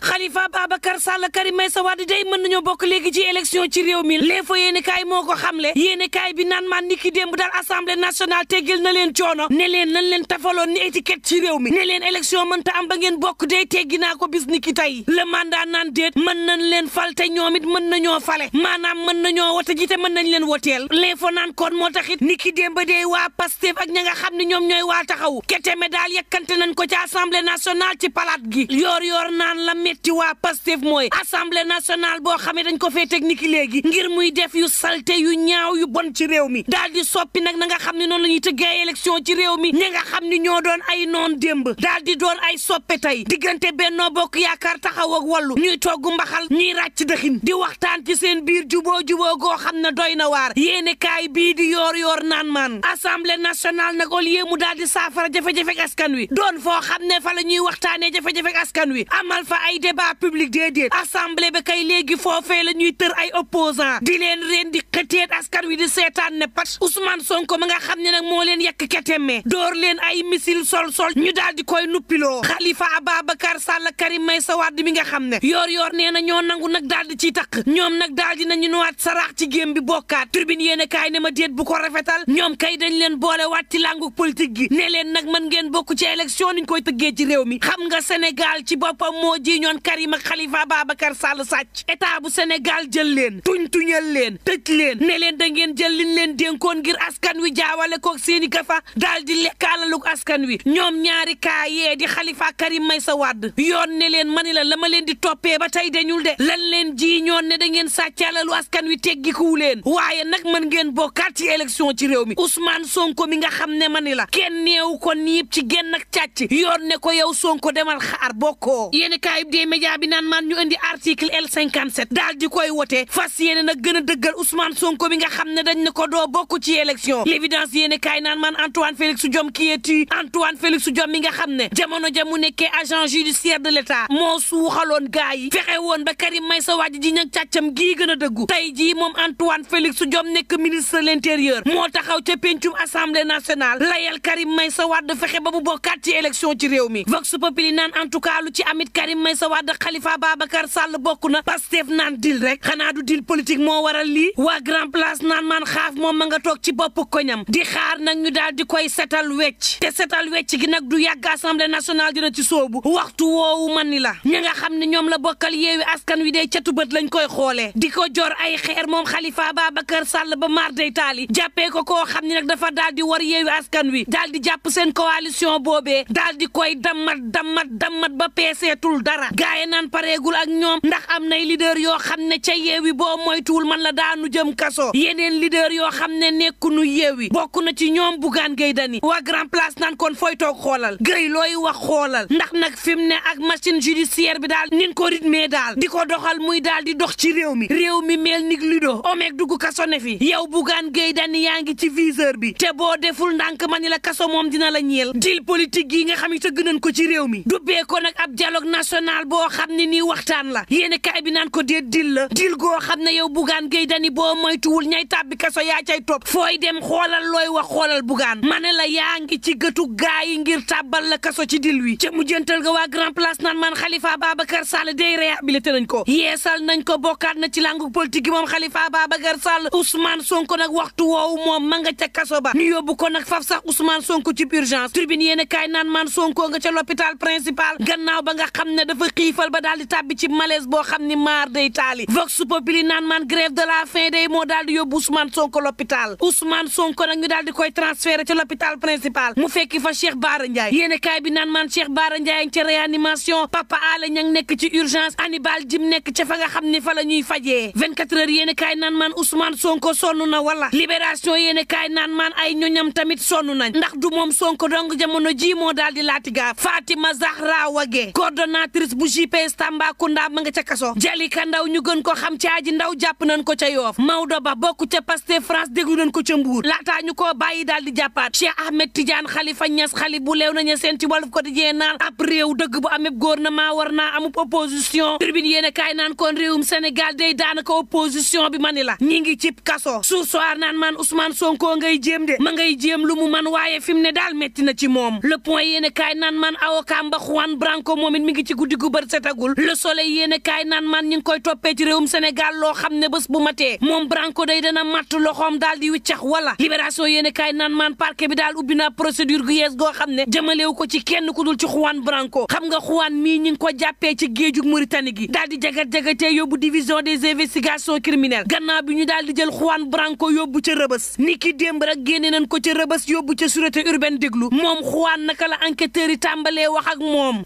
Khalifa Babacar Sall Karim Meïssa Wade day mën nañoo bokk léegi ci élection ci réew mi l'info yéeni kaay moo ko xamle yéeni kaay bi naan ma niki démb daal assemblée nationale teggil na leen coono ne leen nañ leen tafaloon ni étiquette ci réew mi ne leen élection mënta am ba ngeen bokk day naa ko bis niki tey le mandat naan déet mën nañ leen fal te ñoom it mën nañoo fale maanaam mën nañoo wote ji te mën nañ leen woteel l'info naan kon moo taxit niki démb day waa Pastef ak nga xam ne ñoom ñooy waa taxaw keteme daal yekkante nañ ko ci assemblée nationale ci palaat gi yoor yoor naan metti waa Pastef mooy assemblée nationale boo xam ne dañ ko fee technique léegi ngir muy def yu salte yu ñaaw yu bon ci réew mi daal di soppi nag na nga xam ne noonu la ñuy tëggee élection ci réew mi ñi nga xam ni ñoo doon ay noon démb daal di doon ay soppe tey diggante Benno Bokk Yaakaar Taxawu ak Wallu ñuy togg mbaxal ñuy ràcc dëxin di waxtaan ci seen biir jubo juboo goo xam na doy na waar yéene kaay bii di yoor yoor naan maan assemblée nationale nag au lieu mu daal di saafara jafe askan wi doon foo xam ne fa la ñuy waxtaanee jafe askan wi amal débat public déedéet assemblée bi kay léegi foofee la ñuy tër ay opposant di leen reen di xëteet askan wi di seetaan ne pat Ousmane Sonko ma nga xam ne nag moo leen yekk ketemme door leen ay missile sol-sol ñu daal di koy nuppiloo Khalifa Ababacar Sall Karim Meïssa Wade mi nga xam ne yor-yor nee na ñoo nangu nag daal di ciy takk ñoom nag daal di nañu nuwaat saraax ci géem bokkaat tribune yéen a kaay ne ma déet bu ko rafetal ñoom kay dañ leen boole waat ci làngu politique gi ne leen nag mën ngeen bokk ci élection niñ koy tëggee ci réew mi xam nga yoon Karim ak Khalifa Babacar Sall sàcc état bu Sénégal jël leen tuñ tuñal leen tëj leen ne leen da ngeen jël liñ leen dénkoon ngir askan wi jaawale koog seeni gafa daal di lekkaalalug askan wi ñoom ñaari kaa yee di Khalifa Karim Meïssa Wade yoon ne leen mani la la ma leen di toppee ba tey dañul de lan leen ji ñoon ne da ngeen sàccalalu askan wi teggikuwu leen waaye nag mën ngeen bokkaat ci élection ci réew mi Ousmane Sonko mi nga xam ne mani la kenn neewu ko niib ci genn ak càcc yoon ne ko yow Sonko demal yee média bi naan maan ñu indi article L57 daal di koy wote fas yéene nag gën a dëggal Ousmane Sonko bi nga xam ne dañ ne ko doo bokk ci élection l'évidence yéene kaay naan maan Antoine Félix Diome qui est Antoine Félix Diome mi nga xam ne jamono ja mu nekkee agent judiciaire de l'État moo suuxaloon gaa yi fexe woon ba Karim sa Wade ji ñag càccam gii gën a dëggu tey ji moom Antoine Félix Diome nekk ministre de l'intérieur moo taxaw ca pencum assemblée nationale layal Karim Meïssa Wade fexe ba mu bokkaat ci élection ci réew mi Vox Populi naan en tout cas lu ci Wade Khalifa Babacar Sall bokk na Pastef naan dil rek xanaa du dil politique moo waral lii waa Grand Place naan maan xaaf moom ma nga toog ci bopp koñam di xaar nag ñu daal di koy setal wecc te setal wecc gi nag du yàgg assemblée nationale dina ci soobu waxtu woowu man ni la ña nga xam ne ñoom la bokkal yeewi askan wi dee catu bët lañ koy xoolee di ko jor ay xeer moom xalifa ba Babacar Sall ba maar day taali jàppee ko koo xam ne nag dafa daal di war yeewi askan wi daal di jàpp seen coalition boobee daal di koy dammat dammat dammat ba peeseetul dara gaay naan pareegul ak ñoom ndax am nay leader yoo xam ne ca yeewi boo moytuwul man la daanu jëm kaso yeneen leader yoo xam ne nekkunu yeewi bokk na ci ñoom Bougane Gueye Dany waa grand place naan kon fooy toog xoolal gëy looy wax xoolal ndax nag fi mu ne ak machine judiciaire bi daal nin ko rythmé daal di ko doxal muy daal di dox ci réew mi réew mi mel ni lido omeeg dugg kaso ne fi yow Bougane Gueye Dany yaa ngi ci viseur bi te boo deful ndànk ma ni la kaso moom dina la ñeel dil politique yi nga xam ne tëgg ko ci réew mi dubbee nag ab dialogue national national boo xam ne nii waxtaan la yéen kaay bi naan ko dee dil la dil goo xam ne yow bugaan géy dani boo moytuwul ñay tàbbi kaso yaa cay topp fooy dem xoolal looy wax xoolal bugaan ma ne la yaa ngi ci gëtu gaa yi ngir tàbbal la kaso ci dil wi ca mujjantal ga waa grand place naan man Khalifa Ababacar Sall day réhabilité nañ ko yeesal nañ ko bokkaat na ci langu politique gi moom ba Ababacar Sall Ousmane Sonko nag waxtu woowu moom ma nga ca kaso ba ñu yóbbu ko nag faf sax Ousmane Sonko ci urgence tribune yéen kaay naan man Sonko nga ca l'hôpital principal gannaaw ba nga xiifal ba daal di tàbbi ci malaise boo xam ni maar day taali vox populi naan man grève de la faim day moo daal di yóbbu Ousmane Sonko l'hôpital Ousmane Sonko nag ñu daal di koy transféré ci l'hôpital principal mu fekki fa Cheikh Bara Ndiaye yéen kaay bi naan man Cheikh baara Ndiaye ci réanimation Papa Alé Niang nekk ci urgence Hannibal Djim nekk ca fa nga xam ni fa la ñuy fajee 24 heures yéen kaay naan man Ousmane Sonko sonn na wala libération yéen kaay naan man ay ñoñam tamit sonn nañ ndax du moom Sonko dong jamono ji moo daal di laatiga Fatima Zahra Wague coordonnatrice bu JPS Tambacounda ma nga ca kaso Jalika Ndaw ñu gën ko xam ci Aji Ndaw jàpp nañ ko ca Yoof Maodo Ba bokk ca Pastef France déglu nañ ko ca Mbuur laata ñu ko bàyyi daal di jàppaat Cheikh Ahmed Tidiane xalifa Niass xali bu leew na seen ci Walf Quotidien naan ab réew dëgg bu amee gouvernement war naa amub opposition tribune yéen kaay naan kon réewum Sénégal day daanaka opposition bi mani la ñi ngi cib kaso suur soir naan man Ousmane Sonko ngay jéem de ma ngay jéem lu mu man waaye fi mu ne daal metti na ci moom le point yéen kaay naan man avocat mba Juan moom it mi ngi ci guddi bët setagul le soleil yéen kaay naan man ñu ngi koy toppee ci réewum Sénégal loo xam ne bés bu matee moom Branco day dana matt loxoom daal di wiccax wala libération yéen kaay naan man parquet bi daal ubbi naa procédure gu yees goo xam ne jëmalewu ko ci kenn ku dul ci Juan Branco xam nga Juan mii ñu ngi ko jàppee ci géejug Mauritanie gi daal di jagat-jagatee yóbbu division des investigations criminelles gannaaw bi ñu daal di jël Juan Branco yóbbu ca rëbës ni ki démb rek génne nañ ko ca rëbës yóbbu ca sûreté urbaine déglu moom Juan naka la enquêteurs yi tàmbalee wax ak moom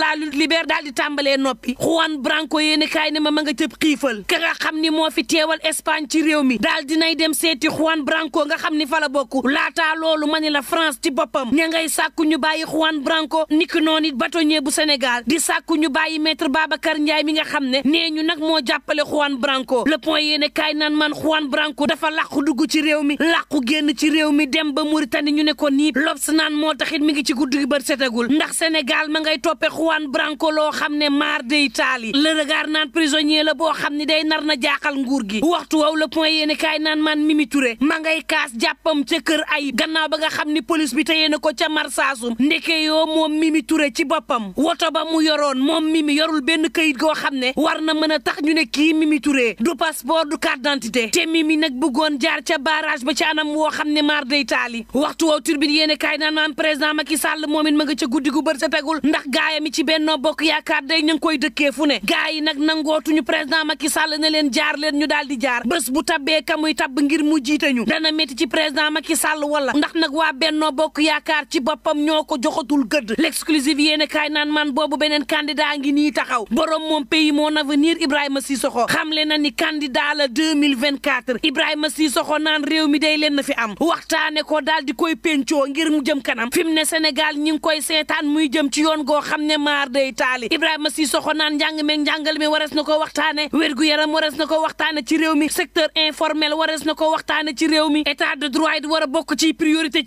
la libère daal di tàmbalee noppi Juan Branco yéene kaay ne ma ma nga cëb xiifal ka nga xam ni moo fi teewal Espagne ci réew mi daal dinay dem seeti Juan Branco nga xam ni fa bokk laataa loolu ma ni la France ci boppam ña ngay sàkku ñu bàyyi Juan Branco niki noonu it bâtonnier bu Sénégal di sàkku ñu bàyyi maître Babacar Ndiaye mi nga xam ne nee ñu nag moo jàppale Juan Branco le point yéene kaay naan man Juan Branco dafa làqu dugg ci réew mi làqu génn ci réew mi dem ba Mauritanie ñu ne ko nii lobs naan moo taxit mi ngi ci guddi gi bër setagul ndax Sénégal ma ngay toppe Juan Branco loo xam ne maar day taali le regard naan prisonnier la boo xam ne day nar na jaaxal nguur gi waxtu waw le point yéeni kaay naan man Mimi Touré ma ngay kaas jàppam ca kër ayib gannaaw ba nga xam ne police bi téye na ko ca mar marsaasum ndeke yoo moom Mimi Touré ci boppam woto ba mu yoroon moom Mimi yorul benn këyit goo xam ne war na mën a tax ñu ne kii Mimi ture du passeport du carte d'identité te Mimi nag bëggoon jaar ca barrage ba ca anam woo xam ne maar day taali waxtu waw turbine yéeni kaay naan man président Sall moom it ma nga ca guddi gu bër sa tegul ndax ci Benno Bokk Yaakaar day ñu ngi koy dëkkee fu ne gars yi nag nangootuñu président Macky Sall ne leen jaar leen ñu daal di jaar bés bu tabbee ka muy tabb ngir mu jiite ñu dana métti ci président Macky Sall wala ndax nag waa Benno Bokk Yaakaar ci boppam ñoo ko joxatul gëdd l'exclusive yéene kaay naan man boobu beneen candidat ngi nii taxaw borom moom pays mon avenir Ibrahima Sissoko xamle na ni candidat la 2024 Ibrahima Sissoko naan réew mi day leen na fi am waxtaane ko daal di koy pencoo ngir mu jëm kanam fi mu ne Sénégal ñi ngi koy seetaan muy jëm ci yoon goo xam ne maar day taali Ibrahima Sissoko naan njàng meeg njàngal mi warees na ko waxtaane wérgu yaram warees na ko waxtaane ci réew mi secteur informel warees na ko waxtaane ci réew mi état de droit it war a bokk ci priorité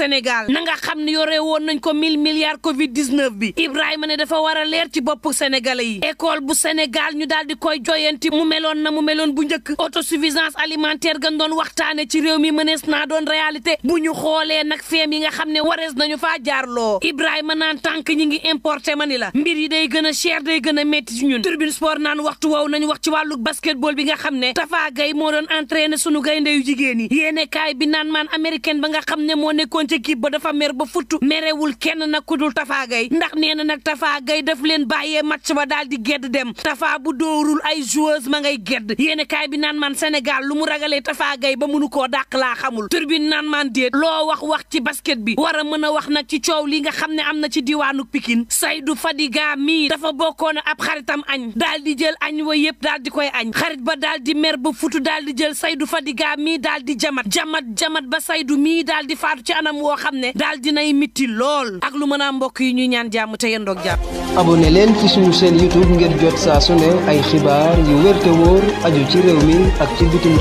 Sénégal na xam ne yore woon nañ ko mille milliards Covid 19 bi Ibrahima ne dafa war leer ci bopp sénégalais yi bu Sénégal ñu daal di koy joyanti mu meloon na mu meloon bu njëkk autosuffisance alimentaire gan doon waxtaane ci réew mi mënees naa doon réalité bu ñu xoolee nag feem yi nga xam ne warees nañu faa jaarloo Ibrahima naan tànk ñi ngi importé te mani la mbir yi day gën a day gën a métti ci ñun turbine sport naan waxtu woow nañu wax ci wàllu basketball bi nga xam ne Tafa Gaye moo doon entraîné sunu gaynde yu jigéen yi yéene bi naan maan américaine ba nga xam ne moo nekkoon ci équipe ba dafa ba futtu merewul kenn nag ku dul Tafa Gaye ndax nee na nag Tafa Gaye daf leen bàyyee match ba daal di gedd dem Tafa bu dóorul ay joueuse ma ngay gedd yéene kaay bi naan man Sénégal lu mu ragalee Tafa Gaye ba mënu koo dàq laa xamul turbine naan maan déet loo wax wax ci basket bi war a mën a wax nag ci coow li nga xam ne am na ci diwaanu pikin say Seydou Fadiga mii dafa bokkoon ab xaritam añ daal di jël añ wa yëpp daal di koy añ xarit ba daal di mer ba futu daal di jël saydu Fadiga mi daal di jamat jamat jamat ba saydu mii daal di faatu ci anam woo xam ne daal dinay mitti lool ak lu mën a mbokk yi ñuy ñaan jàmm te yendoog jàmm. abonné leen ci suñu seen YouTube ngir jot saa su ne ay xibaar yu wér wóor aju ci réew mi ak ci bitim